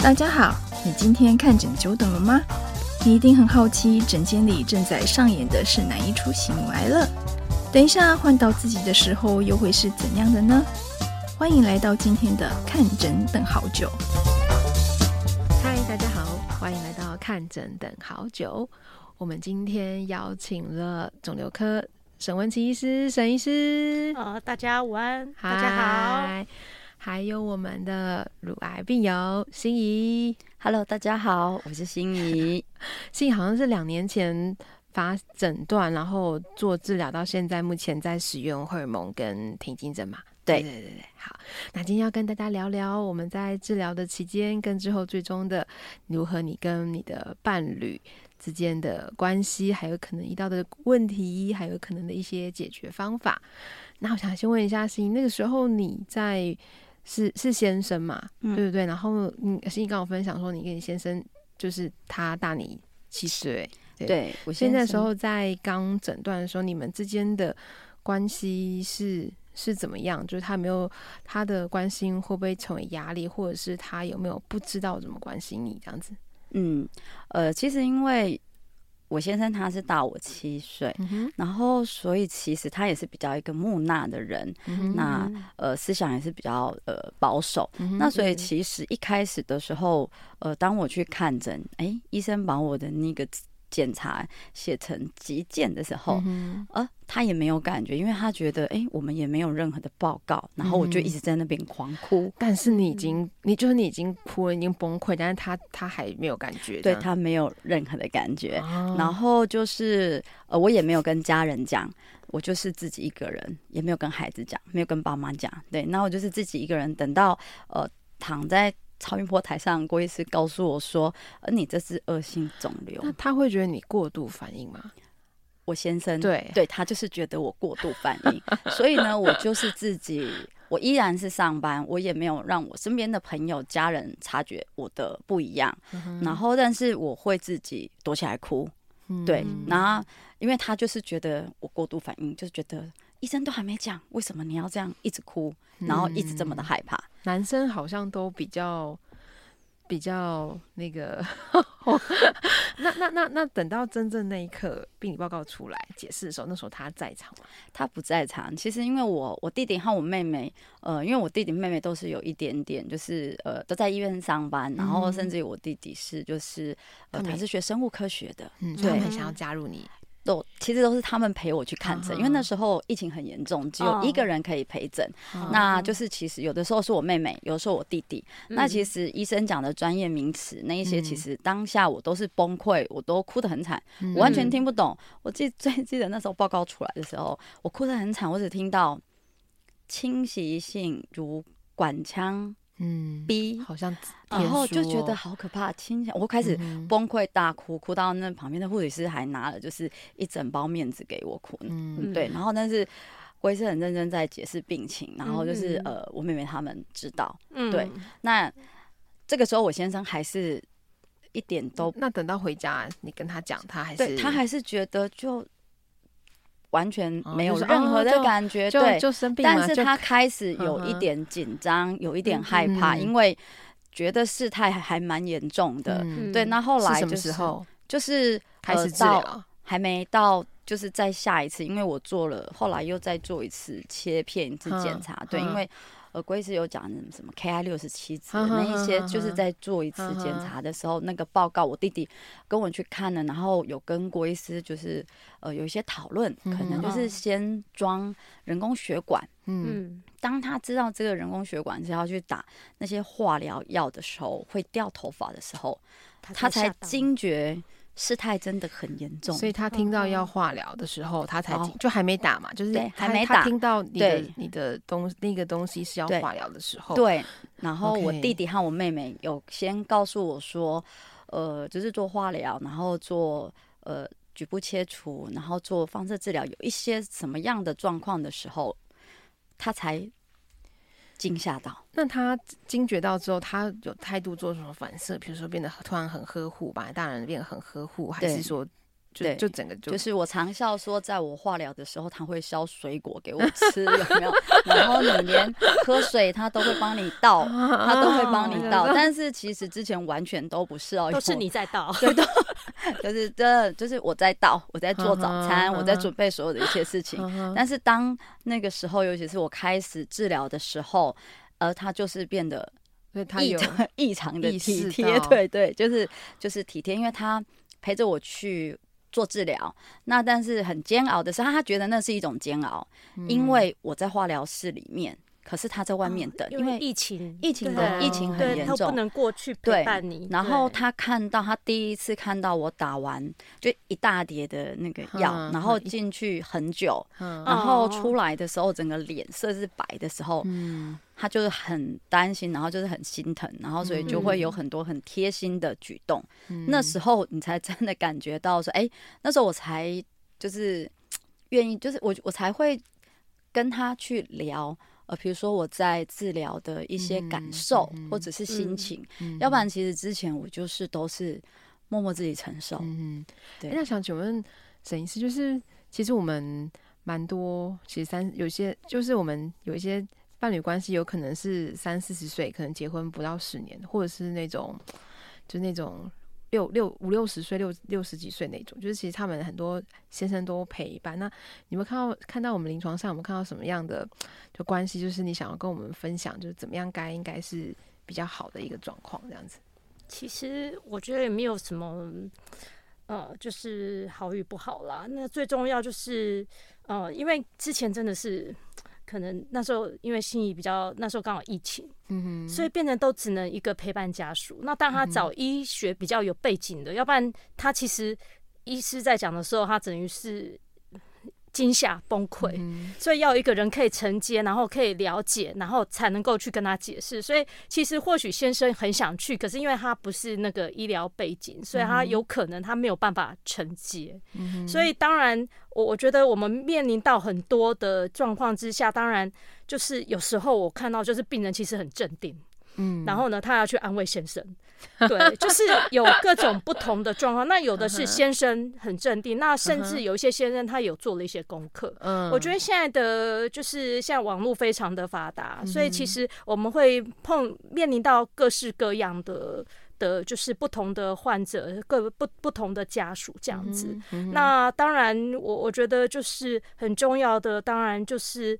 大家好，你今天看診久等了嗎？你一定很好奇，診間裡正在上演的是哪一出喜怒哀樂？等一下換到自己的時候，又會是怎樣的呢？歡迎來到今天的看診等好久。嗨，大家好，歡迎來到看診等好久。我們今天邀請了腫瘤科沈雯琪醫師，沈醫師。好，大家午安，大家好。Hi 還有我們的乳癌病友心怡，Hello，大家好，我是心怡。 心怡好像是兩年前發診斷，然後做治療，到現在目前在使用荷爾蒙跟停經針嘛，對？對對對對，好。那今天要跟大家聊聊我們在治療的期間跟之後最終的如何，你跟你的伴侶之間的關係，還有可能遇到的問題，還有可能的一些解決方法。那我想先問一下心怡，那個時候你在？是是先生嘛，嗯、對不對，對？然後嗯，你你跟我分享說，你跟你先生就是他大你七歲，對。對我現在那時候在剛診斷的時候，你們之間的關係是是怎麼樣？就是他沒有他的關心會不會成為壓力，或者是他有沒有不知道怎麼關心你這樣子？嗯，呃，其實因為。我先生他是大我七歲、嗯，然後所以其實他也是比較一個木訥的人，嗯、那呃思想，也是比較呃保守、嗯，那所以其實一開始的時候，呃當我去看診，哎醫生把我的那個。檢查寫成急件的時候、嗯，呃，他也沒有感覺，因為他覺得，哎、欸，我們也沒有任何的報告，然後我就一直在那邊狂哭、嗯。但是你已經，你就是你已經哭了，已經崩潰，但是他他還沒有感覺，對他沒有任何的感覺、哦。然後就是，呃，我也沒有跟家人講，我就是自己一個人，也沒有跟孩子講，沒有跟爸媽講，對，那我就是自己一個人，等到呃躺在。超音波台上，郭醫師告訴我說：“啊、你這是惡性腫瘤。”那他會覺得你過度反應嗎？我先生對，對，他就是覺得我過度反應， 所以呢，我就是自己，我依然是上班，我也沒有讓我身邊的朋友、家人察覺我的不一樣。嗯、然後，但是我會自己躲起來哭、嗯。對，然後因為他就是覺得我過度反應，就是覺得。醫生都還沒講，為什麼你要這樣一直哭，然後一直這麼的害怕？嗯、男生好像都比較比較那個。呵呵 那那那那，等到真正那一刻，病理報告出來解釋的時候，那時候他在場嗎？他不在場。其實因為我我弟弟和我妹妹，呃，因為我弟弟妹妹都是有一點點，就是呃，都在醫院上班，嗯、然後甚至於我弟弟是就是呃他，他是學生物科學的，所以我很想要加入你。都其實都是他們陪我去看診，因為那時候疫情很嚴重，只有一個人可以陪診。Oh. Oh. 那就是其實有的時候是我妹妹，有的時候我弟弟。嗯、那其實醫生講的專業名詞那一些，其實當下我都是崩潰，我都哭得很慘，嗯，我完全聽不懂。我記最記得那時候報告出來的時候，我哭得很慘，我只聽到侵襲性如管腔。嗯，B 好像，哦，然後就覺得好可怕，親想我開始崩潰大哭，嗯，哭到那旁邊的護理師還拿了就是一整包面子給我哭，嗯，對，然後但是，我也是很認真在解釋病情，然後就是、嗯、呃，我妹妹他們知道，嗯，對，那這個時候我先生還是一點都，那等到回家你跟他講，他還是，對，他還是覺得就。完全沒有任何的感覺，哦就是哦、就對就就就生病，但是他開始有一點緊張，有一點害怕，嗯，因為覺得事態還還蠻嚴重的，嗯、對、嗯。那後來就是，是什麼時候？就是開始治療，呃、到，還沒到，就是再下一次，因為我做了，後來又再做一次切片一次檢查，嗯、對、嗯，因為。呃，郭醫師有講什麼什麼 KI 六十七指那一些，就是在做一次檢查的時候、啊，那個報告我弟弟跟我去看了，然後有跟郭醫師就是呃有一些討論、嗯，可能就是先裝人工血管、哦。嗯，當他知道這個人工血管是要去打那些化療藥的時候，會掉頭髮的時候，他，他才驚覺。事態真的很嚴重，所以他聽到要化療的時候，嗯、他才、嗯、就還沒打嘛，嗯、就是對還沒打。他聽到你的你的東那個東西是要化療的時候對，對。然後我弟弟和我妹妹有先告訴我說，呃，就是做化療，然後做呃局部切除，然後做放射治療，有一些什麼樣的狀況的時候，他才。驚嚇到、嗯，那他驚覺到之後，他有態度做什麼反射？比如說變得突然很呵護吧，大人變得很呵護，還是說就，就，就整個就、就是我常笑說，在我化療的時候，他會削水果給我吃， 有沒有？然後你連喝水他都會幫你倒， 他都會幫你倒、啊，但是其實之前完全都不是哦，都是你在倒， 對，都。 就是這、就是、就是我在倒，我在做早餐呵呵，我在準備所有的一些事情呵呵。但是當那個時候，尤其是我開始治療的時候，呃，他就是變得異常異常的體貼，對對，就是就是體貼，因為他陪着我去做治療。那但是很煎熬的時候，他覺得那是一種煎熬，因為我在化療室裡面。嗯可是他在外面等，哦、因為疫情，疫情的對疫情很嚴重，他不能過去陪伴你。然後他看到，他第一次看到我打完，就一大疊的那個藥，然後進去很久，然後出來的時候，時候哦哦整個臉色是白的時候，嗯、他就是很擔心，然後就是很心疼，然後所以就會有很多很貼心的舉動、嗯。那時候你才真的感覺到說，哎、欸，那時候我才就是願意，就是我我才會跟他去聊。呃，比如說我在治療的一些感受或者是心情，嗯嗯嗯，要不然其實之前我就是都是默默自己承受。嗯，嗯對欸，那想請問沈醫師，就是其實我們蠻多，其實三有些就是我們有一些伴侶關係，有可能是三四十歲，可能結婚不到十年，或者是那種就那種。六六五六十歲六六十幾歲那種，就是其實他們很多先生都陪伴。那你們看到看到我們臨床上，我們看到什麼樣的就關係？就是你想要跟我們分享，就是怎麼樣該應該是比較好的一個狀況，這樣子。其實我覺得也沒有什麼，呃，就是好與不好啦。那最重要就是，呃，因為之前真的是。可能那時候因為心儀比較，那時候剛好疫情、嗯，所以變成都只能一個陪伴家屬，那當他找醫學比較有背景的。嗯、要不然他其實醫師在講的時候，他等於是。驚嚇崩潰，所以要一個人可以承接，然後可以了解，然後才能夠去跟他解釋。所以其實或許先生很想去，可是因為他不是那個醫療背景，所以他有可能他沒有辦法承接。嗯，所以當然，我我覺得我們面臨到很多的狀況之下，當然就是有時候我看到就是病人其實很鎮定。嗯，然後呢，他要去安慰先生，對， 就是有各種不同的狀況。那有的是先生很鎮定，那甚至有一些先生他有做了一些功課。嗯，我覺得現在的就是現在網絡非常的發達、嗯，所以其實我們會碰面臨到各式各樣的的，就是不同的患者，各不不,不同的家屬這樣子。嗯嗯、那當然我，我我覺得就是很重要的，當然就是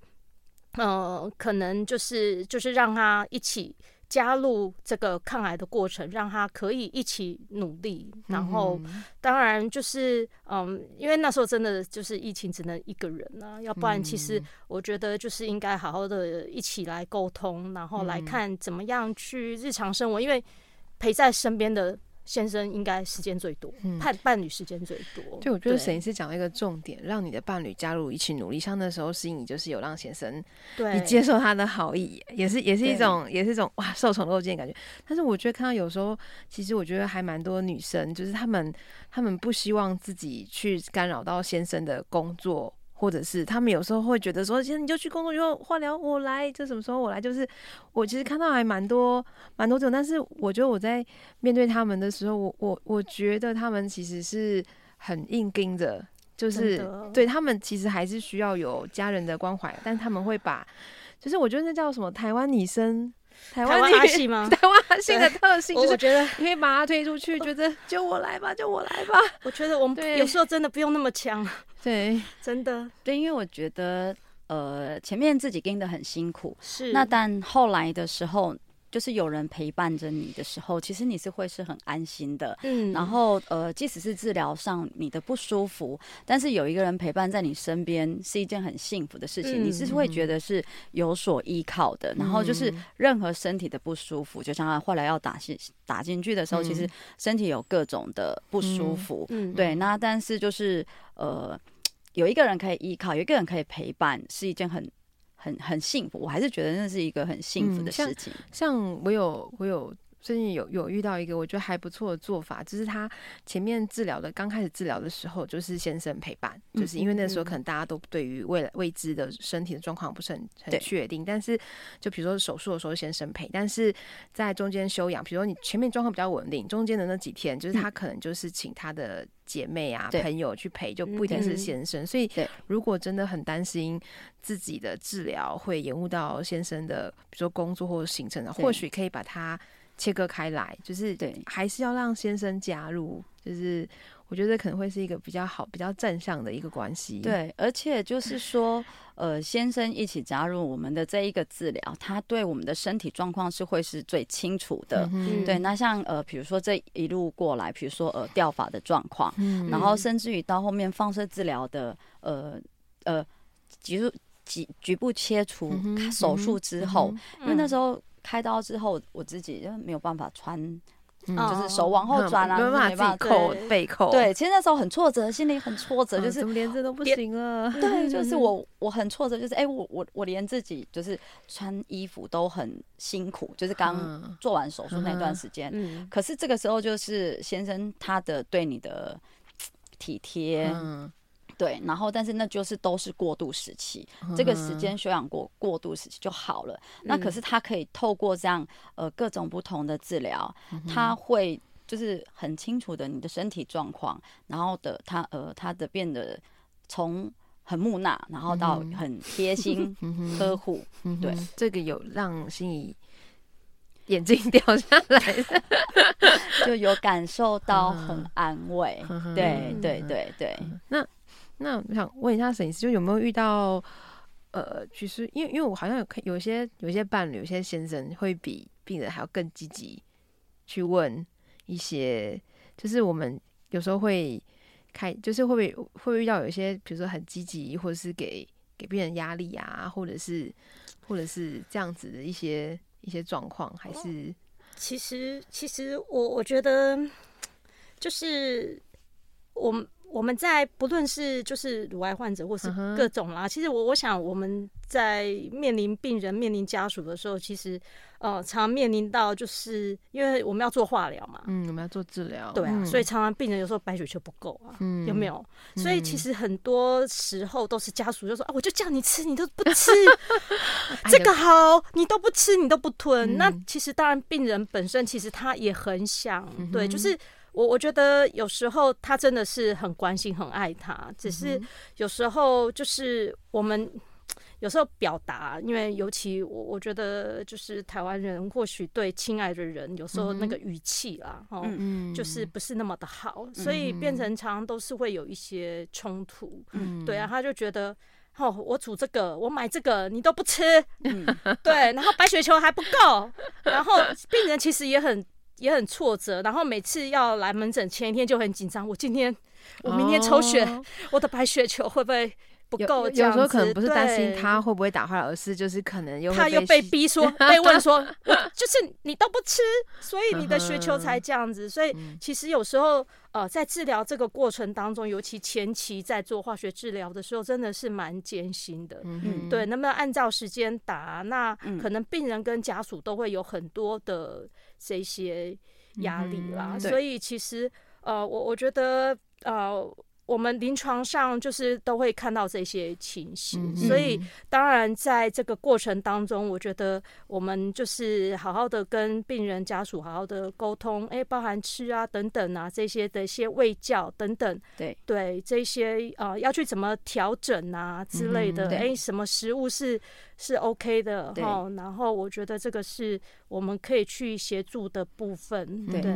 嗯、呃，可能就是就是讓他一起。加入這個抗癌的過程，讓他可以一起努力。然後，當然就是，嗯，因為那時候真的就是疫情，只能一個人啊。要不然，其實我覺得就是應該好好的一起來溝通，然後來看怎麼樣去日常生活。因為陪在身邊的。先生應該時間最多，他、嗯、伴侶時間最多。對，我覺得沈醫師講了一個重點，讓你的伴侶加入一起努力。像那時候，心怡你就是有讓先生，對，你接受他的好意，也是也是一種，也是一種哇，受寵若驚的感覺。但是我覺得看到有時候，其實我覺得還蠻多女生，就是他們他們不希望自己去干擾到先生的工作。或者是他們有時候會覺得說，其實你就去工作，就化療我來，就什麼時候我來，就是我其實看到還蠻多蠻多種，但是我覺得我在面對他們的時候，我我我覺得他們其實是很硬撐的，就是對他們其實還是需要有家人的關懷，但他們會把，就是我覺得那叫什麼台灣女生。台灣、那個、阿信嗎？台灣阿信的特性，我覺得可以把他推出去，覺得我就我來吧，就我來吧。我覺得我們有時候真的不用那麼強，對，真的，對，因為我覺得，呃，前面自己跟的很辛苦，是，那但後來的時候。就是有人陪伴着你的時候，其實你是會是很安心的。嗯，然後呃，即使是治療上你的不舒服，但是有一個人陪伴在你身邊是一件很幸福的事情，嗯。你是會覺得是有所依靠的，嗯。然後就是任何身體的不舒服，嗯，就像他後來要打進打進去的時候，嗯，其實身體有各種的不舒服。嗯，嗯，對。那但是就是呃，有一個人可以依靠，有一個人可以陪伴，是一件很。很很幸福，我還是覺得那是一個很幸福的事情。嗯、像，像我有，我有。最近有有遇到一個我覺得還不錯的做法，就是他前面治療的剛開始治療的時候，就是先生陪伴、嗯，就是因為那時候可能大家都對於未來未知的身體的狀況不是很很確定。但是，就比如說手術的時候先生陪，但是在中間休養，比如說你前面狀況比較穩定，中間的那幾天，就是他可能就是請他的姐妹啊、嗯、朋友去陪，就不一定是先生。嗯、所以，如果真的很擔心自己的治療會延誤到先生的，比如說工作或者行程的，或許可以把他。切割開來，就是對，還是要讓先生加入，就是我覺得可能會是一個比較好、比較正向的一個關係。對，而且就是說，呃，先生一起加入我們的這一個治療，他對我們的身體狀況是會是最清楚的。嗯、對，那像呃，比如說這一路過來，比如說呃，掉髮的狀況、嗯，然後甚至於到後面放射治療的，呃呃，局局局部切除手術之後、嗯嗯嗯嗯，因為那時候。開刀之後，我自己就沒有辦法穿，嗯、就是手往後轉啊，嗯、就沒辦法、嗯、扣背扣。對，其實那時候很挫折，心裡很挫折，嗯、就是、嗯、怎麼連着都不行啊。對，就是我我很挫折，就是哎、欸，我我我連自己就是穿衣服都很辛苦，就是剛做完手術那段時間、嗯。可是這個時候，就是先生他的對你的體貼。嗯對，然後但是那就是都是過渡時期、嗯，這個時間休養過過渡時期就好了、嗯。那可是他可以透過這樣呃各種不同的治療、嗯，他會就是很清楚的你的身體狀況，然後的他呃他的變得從很木訥，然後到很貼心呵護、嗯。對，這個有讓心怡眼睛掉下來，嗯、 就有感受到很安慰。嗯、對對對對，嗯、那。那我想問一下沈醫師，就有沒有遇到呃，其實因為因為我好像有看有些有些伴侶有些先生會比病人還要更積極去問一些，就是我們有時候會開，就是會不會會遇到有些比如說很積極，或者是給給病人壓力啊，或者是或者是這樣子的一些一些狀況，還是其實其實我我覺得就是我們。我們在不論是就是乳癌患者，或是各種啦，其實我我想我們在面臨病人面臨家屬的時候，其實呃常面臨到就是因為我們要做化療嘛，嗯，我們要做治療，對啊，所以常常病人有時候白血球不夠啊，有沒有？所以其實很多時候都是家屬就說啊，我就叫你吃，你都不吃，這個好你都不吃，你都不吞，那其實當然病人本身其實他也很想，對，就是。我我覺得有時候他真的是很關心、很愛他，只是有時候就是我們有時候表達，因為尤其我我覺得就是台灣人或許對親愛的人，有時候那個語氣啦，哦、嗯嗯，就是不是那麼的好，嗯嗯，所以變成常常都是會有一些衝突、嗯。對啊，他就覺得，哦，我煮這個，我買這個，你都不吃，嗯、對，然後白血球還不夠，然後病人其實也很。也很挫折，然後每次要來門診前一天就很緊張。我今天，我明天抽血，oh. 我的白血球會不會？不夠，有時候可能不是擔心他會不會打壞，而是就是可能他又被逼說，被問說，就是你都不吃，所以你的血球才這樣子。所以其實有時候呃，在治療這個過程當中，尤其前期在做化學治療的時候，真的是蠻艱辛的。嗯對，那麼按照時間打？那可能病人跟家屬都會有很多的這些壓力啦。所以其實呃，我我覺得呃。我們臨床上就是都會看到這些情形，嗯，所以當然在這個過程當中，我覺得我們就是好好的跟病人家屬好好的溝通，哎，包含吃啊等等啊這些的一些味覺等等，對對，這些啊，呃、要去怎麼調整啊之類的，嗯、對哎，什麼食物是是 OK 的，好，然後我覺得這個是我們可以去協助的部分對。對，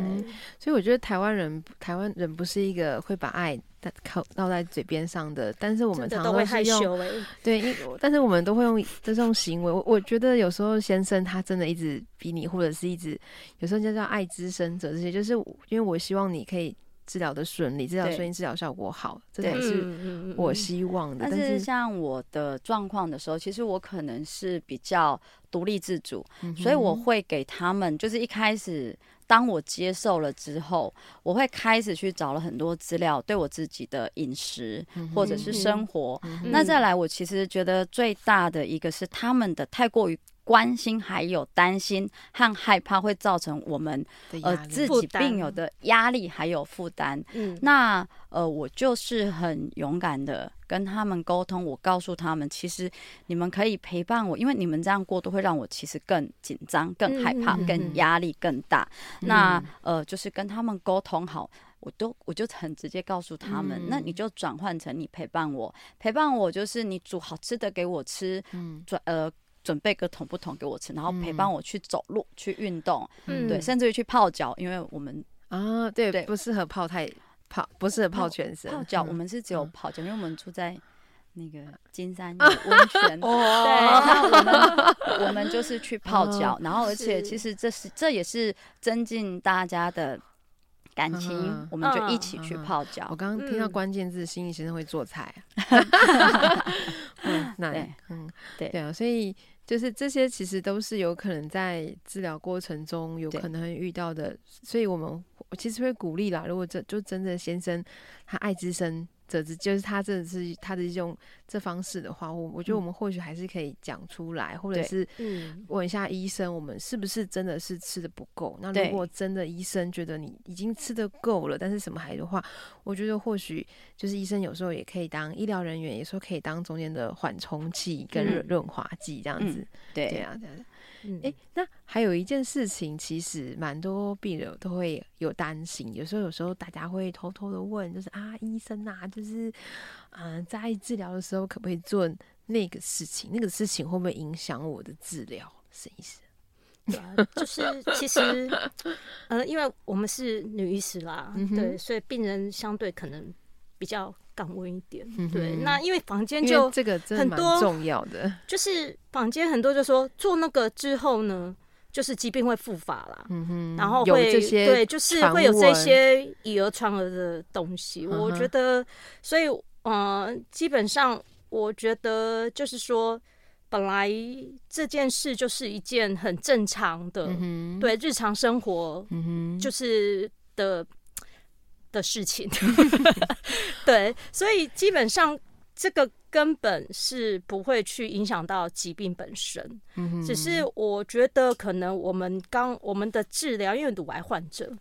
所以我覺得台灣人，台灣人不是一個會把愛靠繞在嘴邊上的，但是我們常常都都會害羞、欸。對，因為 但是我們都會用這種行為。我我覺得有時候先生他真的一直逼你，或者是一直有時候叫叫愛之深者這些，就是因為我希望你可以。治療的順利，治療順利，治療效果好，這才是我希望的。嗯嗯、但是像我的狀況的時候，其實我可能是比較獨立自主、嗯，所以我會給他們，就是一開始當我接受了之後，我會開始去找了很多資料，對我自己的飲食、嗯、或者是生活。嗯、那再來，我其實覺得最大的一個是他們的太過於。關心還有擔心和害怕會造成我們呃自己病友的壓力還有負擔。嗯，那呃我就是很勇敢的跟他們溝通，我告訴他們，其實你們可以陪伴我，因為你們這樣過度會讓我其實更緊張、更害怕、更壓力更大。那呃就是跟他們溝通好，我都我就很直接告訴他們，那你就轉換成你陪伴我，陪伴我就是你煮好吃的給我吃，轉呃。準備個桶不桶，給我吃，然後陪伴我去走路、嗯、去運動、嗯，對，甚至於去泡腳，因為我們、嗯、啊，對，對不適合泡太泡，不是泡全身腳、呃嗯，我們是只有泡腳、嗯，因為我們住在那個金山溫泉，啊、對、啊，那我們、啊、我們就是去泡腳、啊，然後而且其實這是這也是增進大家的感情、啊，我們就一起去泡腳、啊啊。我剛剛聽到關鍵字，心、嗯、義先生會做菜，嗯，那 嗯對嗯對啊，所以。就是這些，其實都是有可能在治療過程中有可能遇到的，所以我們我其實會鼓勵啦。如果這就真的先生，他愛之深。就是他，這是他的一種這方式的話，我我覺得我們或許還是可以講出來，或者是問一下醫生，我們是不是真的是吃的不夠？那如果真的醫生覺得你已經吃的夠了，但是什麼還的話，我覺得或許就是醫生有時候也可以當醫療人員，也說可以當中間的緩衝劑跟潤滑劑這樣子，嗯嗯，對，這樣子。哎、嗯欸，那還有一件事情，其實蠻多病人都會有擔心。有時候，有時候大家會偷偷的問，就是啊，醫生啊，就是，嗯、呃，在治療的時候可不可以做那個事情？那個事情會不會影響我的治療？沈醫師、呃，就是其實， 呃，因為我們是女醫師啦，嗯、對，所以病人相對可能。比較降溫一點、嗯，對，那因為房間就很多，這個真蠻重要的，就是房間很多就說做那個之後呢，就是疾病會復發啦、嗯，然後會有這些對，就是會有這些以訛傳訛的東西、嗯。我覺得，所以，嗯、呃，基本上我覺得就是說，本來這件事就是一件很正常的，嗯、對日常生活，嗯哼，就是的。的事情， 對，所以基本上這個根本是不會去影響到疾病本身，嗯。只是我覺得可能我們剛我們的治療，因為乳癌患者，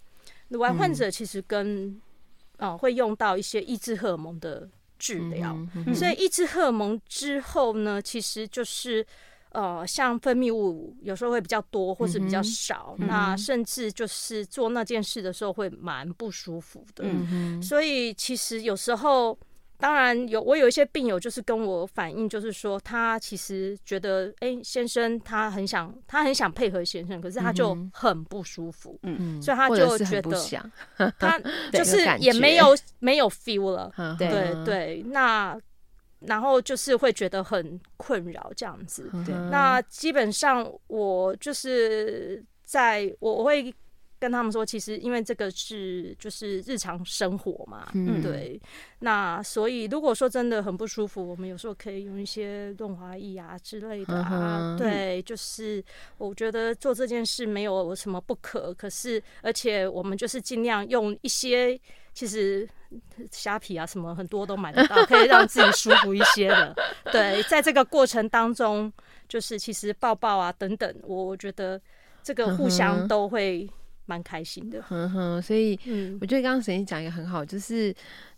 乳癌患者其實跟啊，嗯呃，會用到一些抑制荷爾蒙的治療，嗯，所以抑制荷爾蒙之後呢，其實就是。呃，像分泌物有時候會比較多，或是比較少，嗯嗯，那甚至就是做那件事的時候會蠻不舒服的，嗯。所以其實有時候，當然有我有一些病友就是跟我反映，就是說他其實覺得，哎，欸，先生，他很想他很想配合先生，可是他就很不舒服，嗯嗯。所以他就覺得他就是也沒有沒有 feel 了。嗯，對、對對，那。然後就是會覺得很困擾這樣子，對。那基本上我就是在我會跟他們說，其實因為這個是就是日常生活嘛、嗯，對。那所以如果說真的很不舒服，我們有時候可以用一些潤滑液啊之類的啊、嗯，對，就是我覺得做這件事沒有什麼不可，可是而且我們就是盡量用一些。其實蝦皮啊，什麼很多都買得到，可以讓自己舒服一些的。 對，在這個過程當中，就是其實抱抱啊等等，我覺得這個互相都會蠻開心的。嗯哼，嗯、哼，所以、嗯、我覺得剛剛沈怡講一個，很好，就是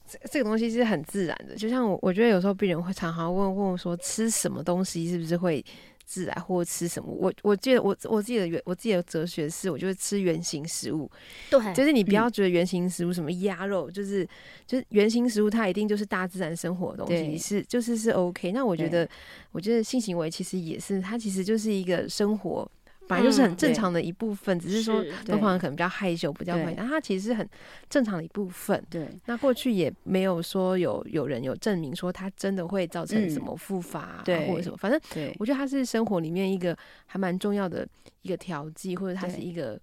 這這個東西是很自然的。就像我，我覺得有時候病人會常常問問我說，說吃什麼東西是不是會。自然或吃什麼？我我記得我我自己的原我自己的哲學是，我就是吃原型食物。對，就是你不要覺得原型食物什麼鴨肉、嗯就是，就是就是原型食物，它一定就是大自然生活的東西，是就是是 OK。那我覺得，我覺得性行為其實也是，它其實就是一個生活。就是很正常的一部分，嗯，只是說東方人可能比較害羞，比較害羞，但他其實是很正常的一部分。對，那過去也沒有說有有人有證明說它真的會造成什麼復發，啊嗯啊，對，或者什麼。反正我覺得它是生活裡面一個還蠻重要的一個調劑，或者它是一個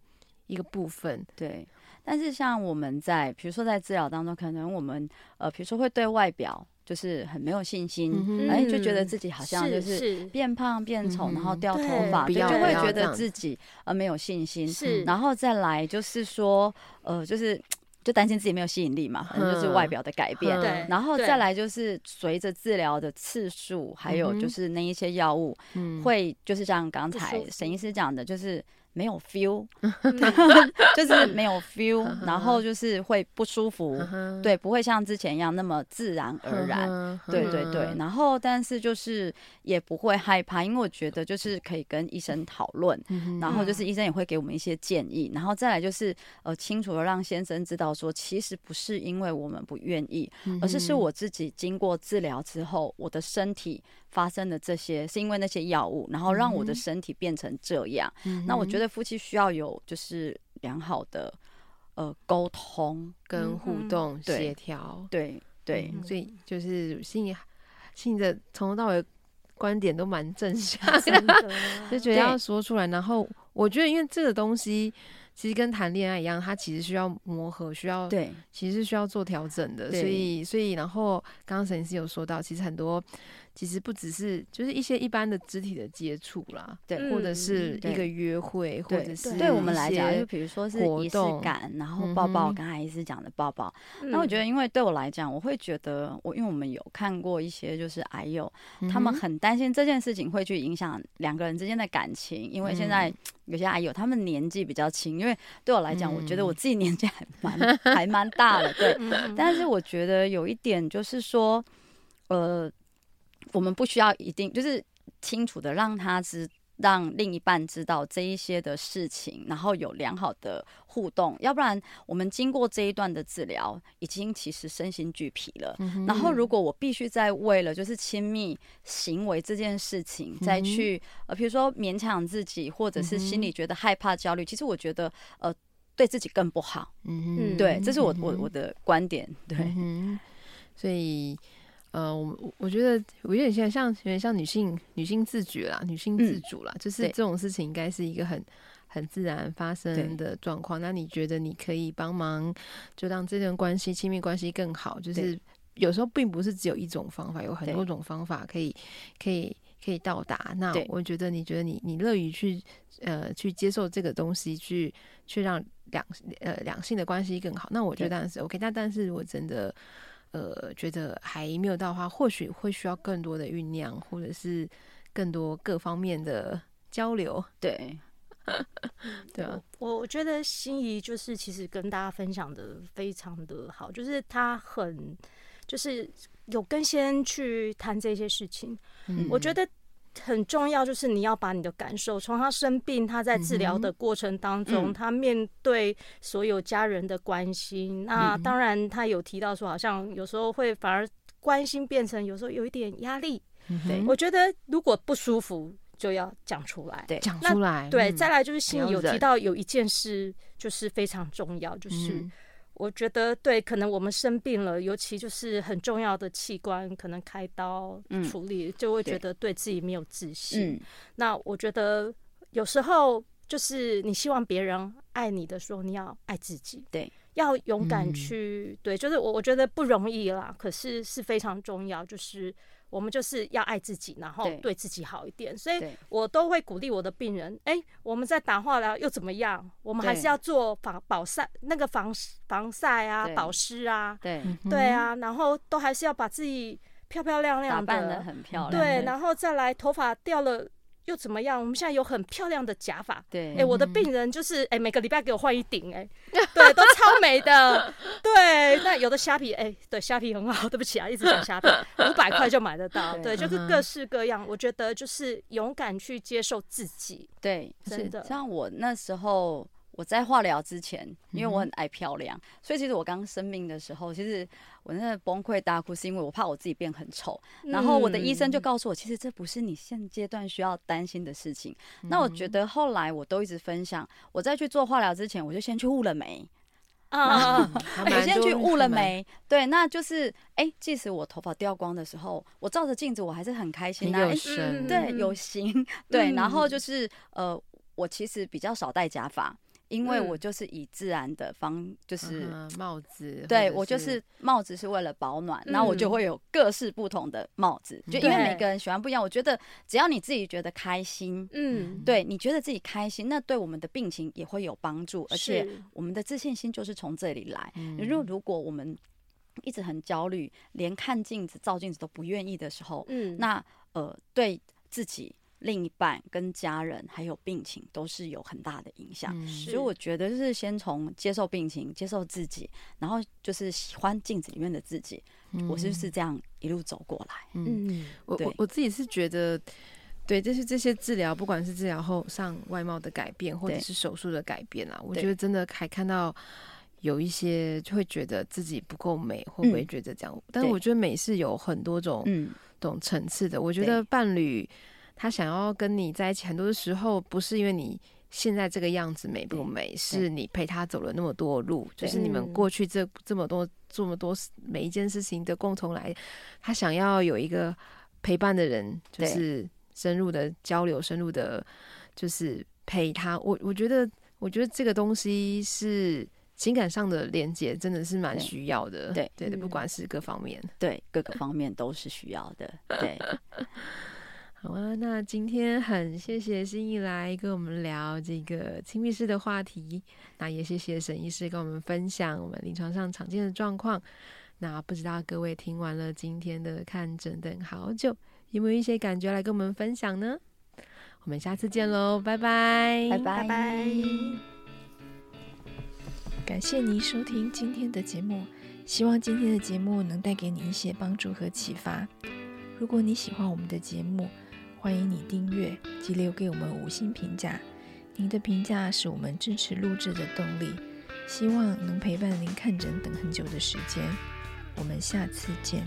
一個部分。對，但是像我們在比如說在治療當中，可能我們呃，比如說會對外表。就是很沒有信心，然、嗯欸、就覺得自己好像就是變胖變醜，然後掉頭髮、嗯，對，就會覺得自己呃沒有信心。是，然後再來就是說呃就是就擔心自己沒有吸引力嘛，可能就是外表的改變。對、嗯，然後再來就是隨着治療的次數、嗯，還有就是那一些藥物、嗯，會就是像剛才沈醫師講的，就是。沒有 feel， 就是沒有 feel， 然後就是會不舒服， 對，不會像之前一樣那麼自然而然， 對對對。然後，但是就是也不會害怕，因為我覺得就是可以跟醫生討論， 然後 然後就是醫生也會給我們一些建議，然後再來就是呃清楚地讓先生知道說，其實不是因為我們不願意，而是是我自己經過治療之後，我的身體。發生的這些是因為那些藥物，然後讓我的身體變成這樣、嗯嗯。那我覺得夫妻需要有就是良好的呃溝通跟互動協調、嗯，對對，對,、嗯、對，所以就是心裡心裡的從頭到尾觀點都蠻正向的，就 的、啊、 覺得要說出來。然後我覺得，因為這個東西其實跟談戀愛一樣，它其實需要磨合，需要對，其實需要做調整的。所以所以然後剛剛沈醫師有說到，其實很多。其實不只是就是一些一般的肢體的接觸啦，對、嗯，或者是一個約會，或者是對我們來講，就比、是、如說是儀式感、嗯，然後抱抱，我剛阿姨是講的抱抱、嗯。那我覺得，因為對我來講，我會覺得我因為我們有看過一些，就是癌友，嗯，他們很擔心這件事情會去影響兩個人之間的感情，因為現在有些癌友他們年紀比較輕，因為對我來講，我覺得我自己年紀還蠻、嗯、還蠻大了，對、嗯。但是我覺得有一點就是說，呃。我們不需要一定就是清楚的讓他知，讓另一半知道這一些的事情，然後有良好的互動，要不然我們經過這一段的治療，已經其實身心俱疲了。嗯、然後如果我必須再為了就是親密行為這件事情、嗯、再去呃，比如說勉強自己，或者是心裡覺得害怕焦、焦、嗯、慮，其實我覺得呃對自己更不好。嗯，對，這是我、嗯、我我的觀點。對，嗯、所以。呃，我我覺得，我覺得像像，有點像女性，女性自覺啦，女性自主啦。嗯、就是這種事情應該是一個很很自然發生的狀況。那你覺得你可以幫忙，就讓這段關係，親密關係更好，就是有時候並不是只有一種方法，有很多種方法可以可以可以到達。那我覺得，你覺得你你樂於去呃去接受這個東西，去去讓兩呃兩性的關係更好，那我覺得當然是 OK。那但但是我真的。呃，覺得還沒有到的話，或許會需要更多的醞釀，或者是更多各方面的交流。對， 對、啊，我我覺得心怡就是其實跟大家分享的非常的好，就是她很就是有跟先去談這些事情，嗯、我覺得。很重要，就是你要把你的感受，從他生病，他在治療的過程當中、嗯嗯，他面對所有家人的關心。嗯、那當然，他有提到說，好像有時候會反而關心變成有時候有一點壓力、嗯。我覺得如果不舒服就要講出來，講出來。對，再來就是心怡有提到有一件事就是非常重要，嗯、就是。我覺得對，可能我們生病了，尤其就是很重要的器官，可能開刀、嗯、處理，就會覺得對自己沒有自信。嗯、那我覺得有時候就是你希望別人愛你的時候，你要愛自己，對，要勇敢去。嗯、對，就是我我覺得不容易啦，可是是非常重要，就是。我們就是要愛自己，然後對自己好一點，所以我都會鼓勵我的病人。哎、欸，我們在打化療又怎麼樣？我們還是要做防保、曬，那個防防曬啊，保濕啊，對啊對、嗯、對啊，然後都還是要把自己漂漂亮亮的，打扮得很漂亮。對，然後再來頭髮掉了，又怎麼樣？我們現在有很漂亮的假髮。對，哎、欸，我的病人就是哎、欸，每個禮拜給我換一頂，哎，對，都超美的。 對，那有的蝦皮，哎、欸，對，蝦皮很好。對不起啊，一直講蝦皮，五百塊就買得到，對。對，就是各式各樣。 我覺得就是勇敢去接受自己。對，真的。是像我那時候。我在化療之前，因為我很愛漂亮、嗯，所以其實我剛生病的時候，其實我真的崩潰大哭，是因為我怕我自己變很醜、嗯。然後我的醫生就告訴我，其實這不是你現階段需要擔心的事情、嗯。那我覺得後來我都一直分享，我在去做化療之前，我就先去霧了眉啊，我 還 先去霧了眉。對，那就是哎、欸，即使我頭髮掉光的時候，我照着鏡子我還是很開心的、啊欸嗯，對，有型、嗯。對，然後就是呃，我其實比較少戴假髮。因為我就是以自然的方，就是帽子，對，我就是帽子是為了保暖，那我就會有各式不同的帽子，就因為每個人喜歡不一樣。我覺得只要你自己覺得開心，嗯，對，你覺得自己開心，那對我們的病情也會有幫助，而且我們的自信心就是從這裡來。如果如果我們一直很焦慮，連看鏡子、照鏡子都不願意的時候，嗯，那呃，對自己。另一半、跟家人還有病情都是有很大的影響，嗯，所以我覺得就是先從接受病情、接受自己，然後就是喜歡鏡子裡面的自己，嗯。我就是這樣一路走過來。嗯，我我自己是覺得，對，就是這些治療，不管是治療後上外貌的改變，或者是手術的改變啊，我覺得真的還看到有一些就會覺得自己不夠美，嗯，會不會覺得這樣？但是我覺得美是有很多種、嗯、種層次的。我覺得伴侶。他想要跟你在一起，很多的時候不是因為你現在這個樣子美不美，是你陪他走了那麼多路，就是你們過去這、嗯、這麼多這麼多每一件事情的共同來。他想要有一個陪伴的人，就是深入的交流，深入的，深入的就是陪他。我我覺得，我覺得這個東西是情感上的連接，真的是蠻需要的。對對對、嗯，不管是各方面，對各個方面都是需要的。對。 好啊，那今天很謝謝心怡來跟我們聊這個親密式的話題，那也謝謝沈醫師跟我們分享我們臨床上常見的狀況。那不知道各位聽完了今天的看診等好久，有沒有一些感覺來跟我們分享呢？我們下次見嘍，拜拜，拜拜拜。感謝你收聽今天的節目，希望今天的節目能帶給你一些幫助和啟發。如果你喜歡我們的節目，歡迎你訂閱及留給我們五星評價，您的評價是我們支持錄制的動力。希望能陪伴您看診等很久的時間，我們下次見。